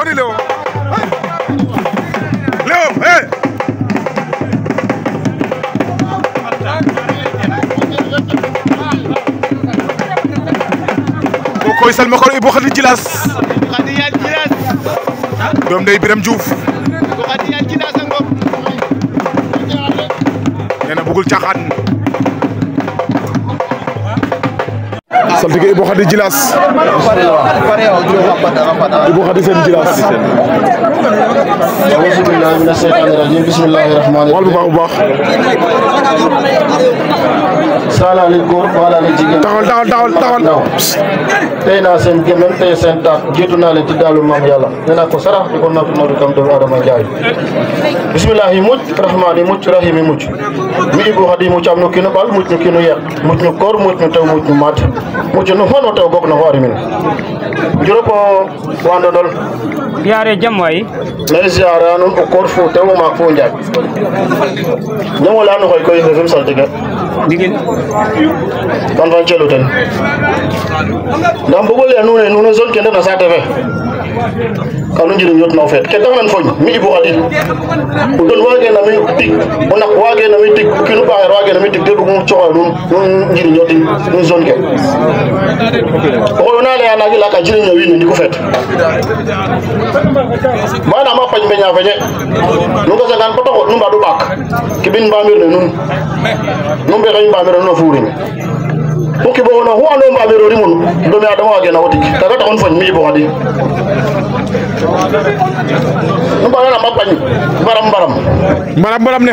Kodi Léo Léo hey ko koy salma ko Ibou Khady doom day Biram Diouf nee na bëggul ketika Ibu Khady Djilass Ibu Khady seen Djilass a'uuzu billaahi mina shaytaani rajiim bismillaahi rahmaani rahiim wal bu baax bu baax saala li góor faala li jigéen. taxawal taxawal taxawal ndaw. tey naa seen gémmiñ tey seen taat jiitu naa leen ci daalu maam yàlla nee ko sarax di ko noppi Modou Kam doomu Adama Ndiaye. bisimilah yi mucc rahmaan yi mucc rahim yi xadi mucc nu kii nu bal nu kii nu yeeq nu koor mucc nu taw mucc nu maat mucc nu hono taw bokk na ho ari min juro ko yaare jam wayi mais ziara nun o koor fo taw maak fo njaaj ñamolaanu xoy koy xefem saltige digin don van celo tan dan bugul ya nune nune zon kende na sa tv kanu njëriñ yot na o feet ke dang foñ mi ibu xadin o don waage na mi tig o nak waage na mi tig o kiinu ɓaxeer waage na mi tig te bug mu coxoyo nuun nuun njëriñ yotin nuun zone ke o xoyo na laya nangi laaka jëriño wiin we ndiku feet manama pañ mbeña feñe nu gasangan bata xoot nu mbaɗu ɓaak kibin mbamir ne nuun nu mbexeñ mbamir ne nuun a fuurin hokki bo wono hu ando mbaɓerori mon domi adama wagena wodik kaga taxon fañ mi yibo xadi nu mbaganama pañ mbaram mbaram mbaram mbaram ne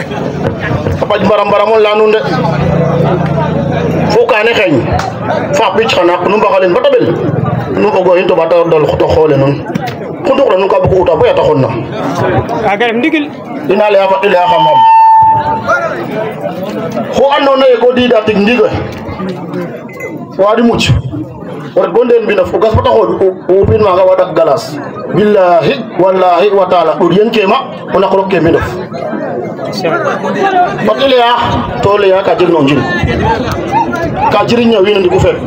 a paƴ mbaram mbaram o leya nuun de fo kaane xeeñ fa picc xa naaq nu mbaxalen bata ɓel nu fogo in toɓa te dol to xoole nuun xundux la nuun ka bugu uta baya ta xonna kaga xu andoona yee ko diida tig ndiig waɗi mucc oto ɗo nden mbina o gaspa taxoɗ o wupin maga waɗa galas billahi wallahi wa taala ɗur yen kema o naq rok ke mbinof fat i leya to leya ka jeg no njiriñ ka jiriña wiin ndiku feek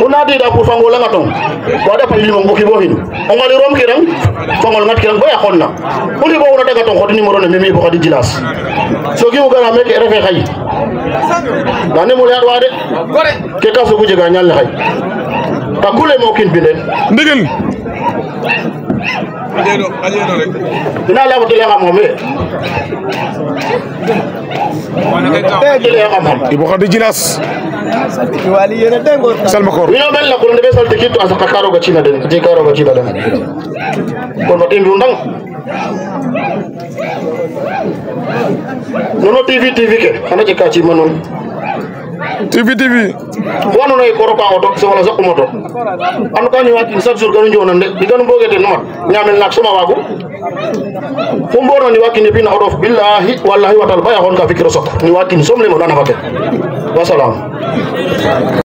ku natida pour fa ngola nga tong wada pay limong bo kiboxin o ngalirom kirang fa ngat kirang baya xonna o libo na daga tong xod numéro ne mimi bo xadi jilas so gi gara meke refe xay nda nemo leyaat wa de ke ka sogu jega ñal ne xay ta ku lemo kiin bindeen ndegel ajeno ajeno rek dina la wutile xam moom e ibo khadi jinas wali yene tengo salmakor wino bella ko nde salti kitto asa kakaro ga cina den je karo ga cina den ko no tin rundang nono tv tv ke kana je kaci manon tibi tibi ko andoona yee ko roka o to wala saqum o to an ka ñowatin chaque jour ganu njowonan de diganu mbooge ten mat ñaamel naak soma waagu fu mboorna ñiwaakin yepin na o ɗof billahi wallahi watal ba yaxoon ka fikiro saq ñiwaakin soom le moɗana fa ke wasalaam